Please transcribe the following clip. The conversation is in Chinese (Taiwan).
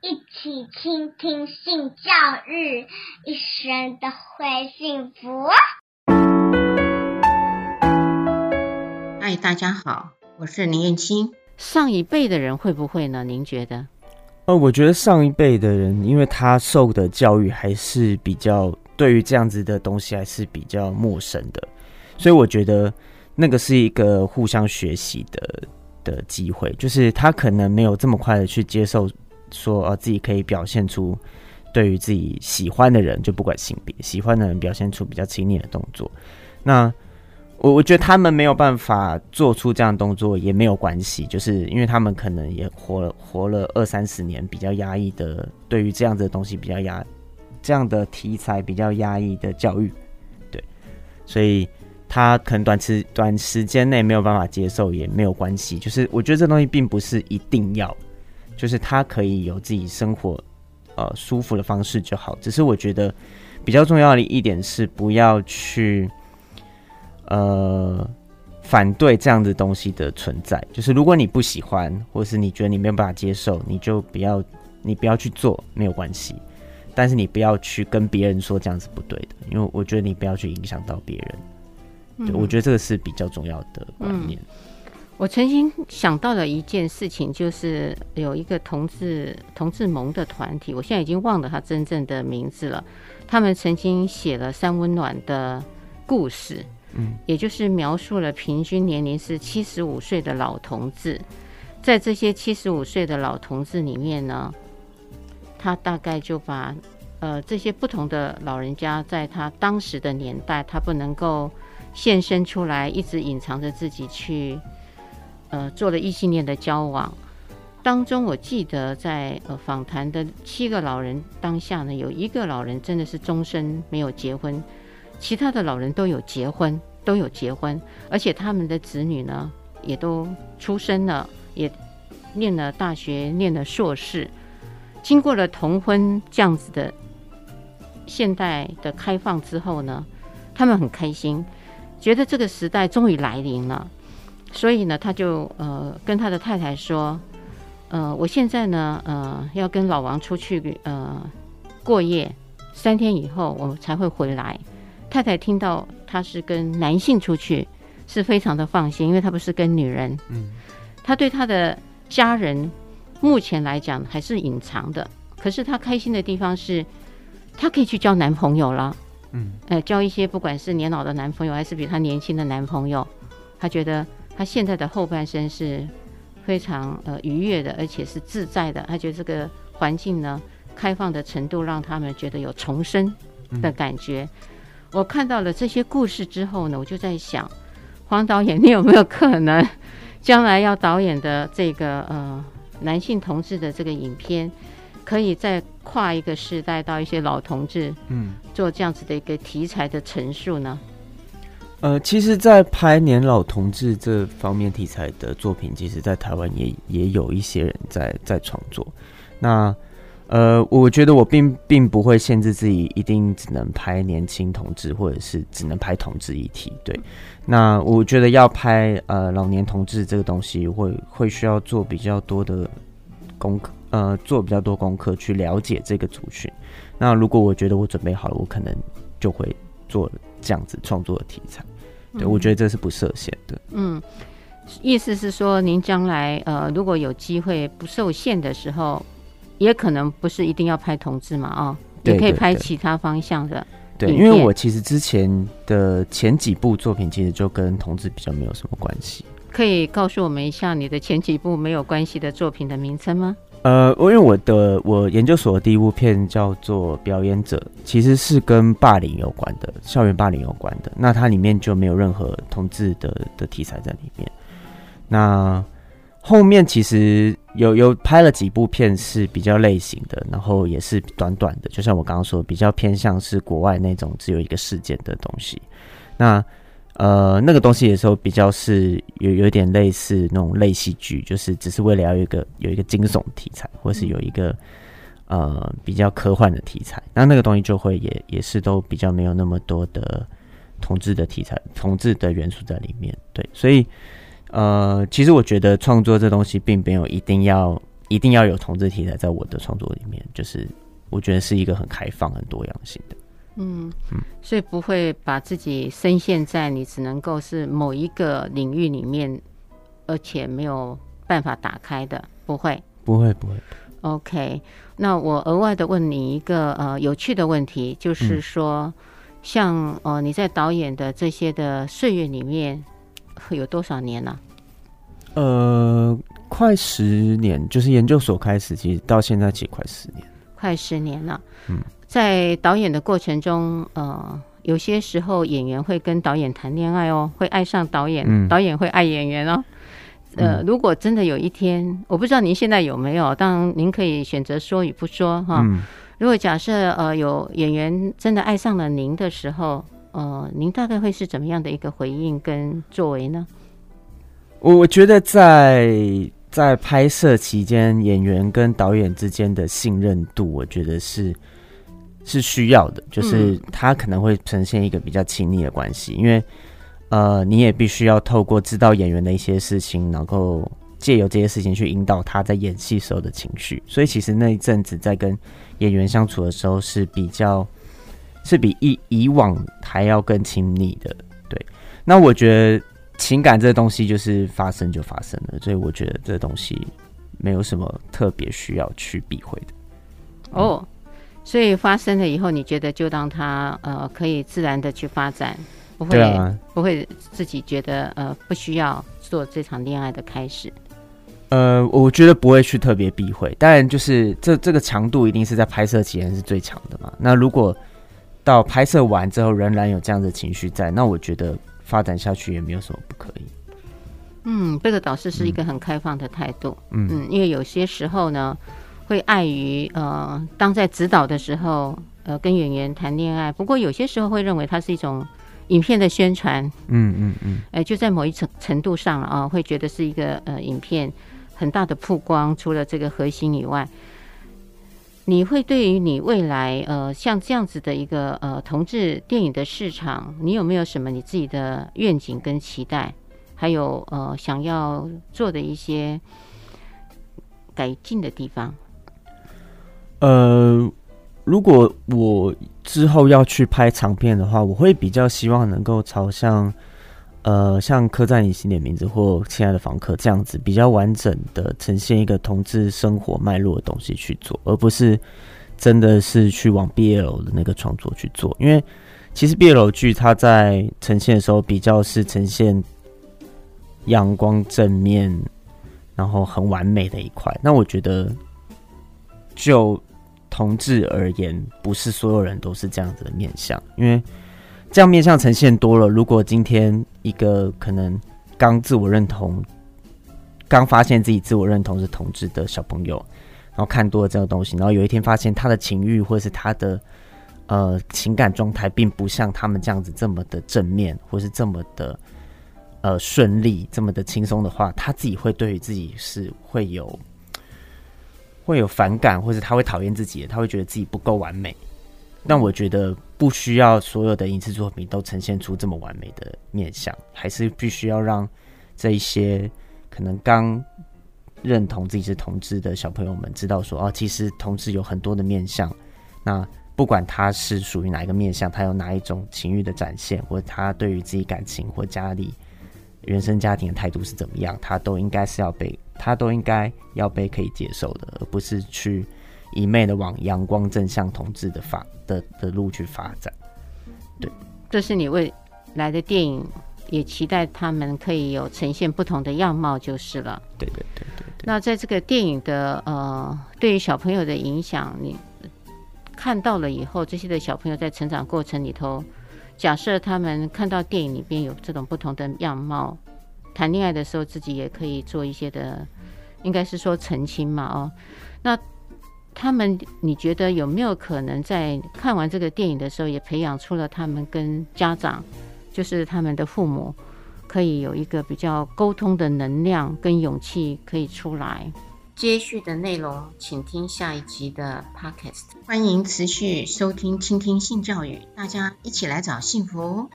一起傾聽性教育，一生都會幸福。嗨，大家好，我是林燕青。上一輩的人會不會呢？您覺得？呃，我覺得上一輩的人，因為他受的教育還是比較，對於這樣子的東西還是比較陌生的，所以我覺得那個是一個互相學習的的機會，就是他可能沒有這麼快的去接受。說啊，自己可以表現出對於自己喜歡的人，就不管性別，喜歡的人表現出比較親密的動作。那我我覺得他們沒有辦法做出這樣的動作也沒有關係，就是因為他們可能也活了活了二三十年，比較壓抑的對於這樣子的東西比較壓這樣的題材比較壓抑的教育，對，所以他可能短時短時間內沒有辦法接受也沒有關係，就是我覺得這東西並不是一定要。就是他可以有自己生活，呃，舒服的方式就好。只是我覺得比較重要的一點是，不要去呃反對這樣子東西的存在。就是如果你不喜歡，或者是你覺得你沒有辦法接受，你就不要你不要去做，沒有關係。但是你不要去跟別人說這樣子不對的，因為我覺得你不要去影響到別人。我覺得這個是比較重要的觀念。嗯嗯我曾經想到了一件事情，就是有一個同志同志盟的團體，我現在已經忘了他真正的名字了。他們曾經寫了三溫暖的故事，嗯，也就是描述了平均年齡是七十五歲的老同志，在這些七十五歲的老同志裡面呢，他大概就把呃這些不同的老人家在他當時的年代，他不能夠現身出來，一直隱藏着自己去。呃，做了異性戀的交往當中，我記得在、呃、訪談的七個老人當下呢，有一個老人真的是終身沒有結婚，其他的老人都有結婚，都有結婚，而且他們的子女呢也都出生了，也念了大學，念了碩士，經過了同婚這樣子的現代的開放之後呢，他們很開心，覺得這個時代終於來臨了。所以呢，他就呃跟他的太太說，呃，我現在呢，呃，要跟老王出去呃過夜，三天以後我才會回來。太太聽到他是跟男性出去，是非常的放心，因為他不是跟女人。嗯，他對他的家人目前來講還是隱藏的，可是他開心的地方是，他可以去交男朋友了。嗯，呃，交一些不管是年老的男朋友還是比他年輕的男朋友，他覺得。他現在的後半生是非常呃愉悅的，而且是自在的。他覺得這個環境呢，開放的程度讓他們覺得有重生的感覺。嗯、我看到了這些故事之後呢，我就在想，黃導演，你有沒有可能將來要導演的這個呃男性同志的這個影片，可以再跨一個世代，到一些老同志，嗯，做這樣子的一個題材的陳述呢？呃，其實，在拍年老同志這方面題材的作品，其實，在台灣也也有一些人在在創作。那呃，我覺得我並並不會限制自己，一定只能拍年輕同志，或者是只能拍同志議題。對，那我覺得要拍呃老年同志這個東西，會會需要做比較多的功課，呃，做比較多功課去了解這個族群。那如果我覺得我準備好了，我可能就會。做這樣子創作的題材，對，我覺得這是不設限的嗯。嗯，意思是說您，您將來呃，如果有機會不受限的時候，也可能不是一定要拍同志嘛，哦，你可以拍其他方向的。對，因為我其實之前的前幾部作品，其實就跟同志比較沒有什麼關係。可以告訴我們一下你的前幾部沒有關係的作品的名稱嗎？呃，我因為我的我研究所的第一部片叫做《表演者》，其實是跟霸凌有關的，校園霸凌有關的。那它裡面就沒有任何同志的的題材在裡面。那後面其實有有拍了幾部片是比較類型的，然後也是短短的，就像我剛剛說，比較偏向是國外那種只有一個事件的東西。那呃，那個東西有時候比較是有有點類似那種類戲劇，就是只是為了要有一個有一個驚悚題材，或是有一個呃比較科幻的題材，那那個東西就會也也是都比較沒有那麼多的同志的題材、同志的元素在裡面。對，所以呃，其實我覺得創作這東西並沒有一定要一定要有同志題材，在我的創作裡面，就是我覺得是一個很開放、很多樣性的。嗯，所以不會把自己深陷，陷在你只能夠是某一個領域裡面，而且沒有辦法打開的，不會，不會，不會，不會。OK，那我額外的問你一個呃有趣的問題，就是說，嗯、像呃你在導演的這些的歲月裡面，有多少年呢？啊。呃，快十年，就是研究所開始，其實到現在其實快十年，快十年了，嗯。在導演的過程中，呃，有些時候演員會跟導演談戀愛哦，會愛上導演，導演會愛演員哦。嗯、呃，如果真的有一天，我不知道您現在有沒有，當然您可以選擇說與不說哈。啊嗯、如果假設呃有演員真的愛上了您的時候，呃，您大概會是怎麼樣的一個回應跟作為呢？我我覺得在在拍攝期間，演員跟導演之間的信任度，我覺得是。是需要的，就是他可能會呈現一個比較親密的關係，因為呃，你也必須要透過知道演員的一些事情，能夠借由這些事情去引導他在演戲時候的情緒。所以其實那一陣子在跟演員相處的時候是比較，是比以以往還要更親密的。對，那我覺得情感這東西就是發生就發生了，所以我覺得這東西沒有什麼特別需要去避諱的。哦、嗯。Oh. 所以發生了以後，你覺得就當他呃可以自然的去發展，不會、啊、不會自己覺得呃不需要做這場戀愛的開始。呃，我覺得不會去特別避諱，但就是這這個強度一定是在拍攝期間是最強的嘛。那如果到拍攝完之後仍然有這樣的情緒在，那我覺得發展下去也沒有什麼不可以。嗯，這個導師是一個很開放的態度，嗯嗯，嗯，因為有些時候呢。會礙於呃，當在指導的時候，呃，跟演員談戀愛。不過有些時候會認為它是一種影片的宣傳，嗯嗯嗯，哎、嗯嗯呃，就在某一層程度上了啊、呃，會覺得是一個呃，影片很大的曝光。除了這個核心以外，你會對於你未來呃，像這樣子的一個呃同志電影的市場，你有沒有什麼你自己的願景跟期待？還有呃，想要做的一些改進的地方？呃，如果我之後要去拍長片的話，我會比較希望能夠朝向呃，像《刻在你心底的名字》或《親愛的房客》這樣子，比較完整的呈現一個同志生活脈絡的東西去做，而不是真的是去往 BL 的那個創作去做。因為其實 BL 劇它在呈現的時候，比較是呈現陽光正面，然後很完美的一塊。那我覺得就，同志而言，不是所有人都是這樣子的面向，因為這樣面向呈現多了。如果今天一個可能剛自我認同、剛發現自己自我認同是同志的小朋友，然後看多了這樣東西，然後有一天發現他的情慾或是他的呃情感狀態，並不像他們這樣子這麼的正面，或是這麼的呃順利、這麼的輕鬆的話，他自己會對於自己是會有。會有反感，或者他會討厭自己，他會覺得自己不夠完美。那我覺得不需要所有的影視作品都呈現出這麼完美的面向，還是必須要讓這一些可能剛認同自己是同志的小朋友們知道說，哦，其實同志有很多的面向。那不管他是屬於哪一個面向，他有哪一種情欲的展現，或者他對於自己感情或家裡原生家庭的態度是怎麼樣，他都應該是要被。他都應該要被可以接受的，而不是去一昧的往陽光正向、同志的發的的路去發展。對，這是你未來的電影，也期待他們可以有呈現不同的樣貌就是了。對，對對對對。那在這個電影的呃，對於小朋友的影響，你看到了以後，這些的小朋友在成長過程裡頭，假設他們看到電影裡面有這種不同的樣貌，談戀愛的時候自己也可以做一些的。應該是說澄清嘛，哦，那他們你覺得有沒有可能在看完這個電影的時候，也培養出了他們跟家長，就是他們的父母，可以有一個比較溝通的能量跟勇氣，可以出來。接續的內容，請聽下一集的 Podcast。歡迎持續收聽、傾聽性教育，大家一起來找幸福。